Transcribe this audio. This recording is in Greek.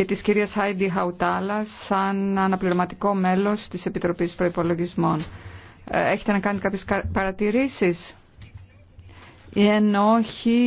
και της κυρίας Χάιντι Χαουτάλα σαν αναπληρωματικό μέλος της Επιτροπής Προϋπολογισμών. Ε, έχετε να κάνετε κάποιες παρατηρήσεις ή όχι.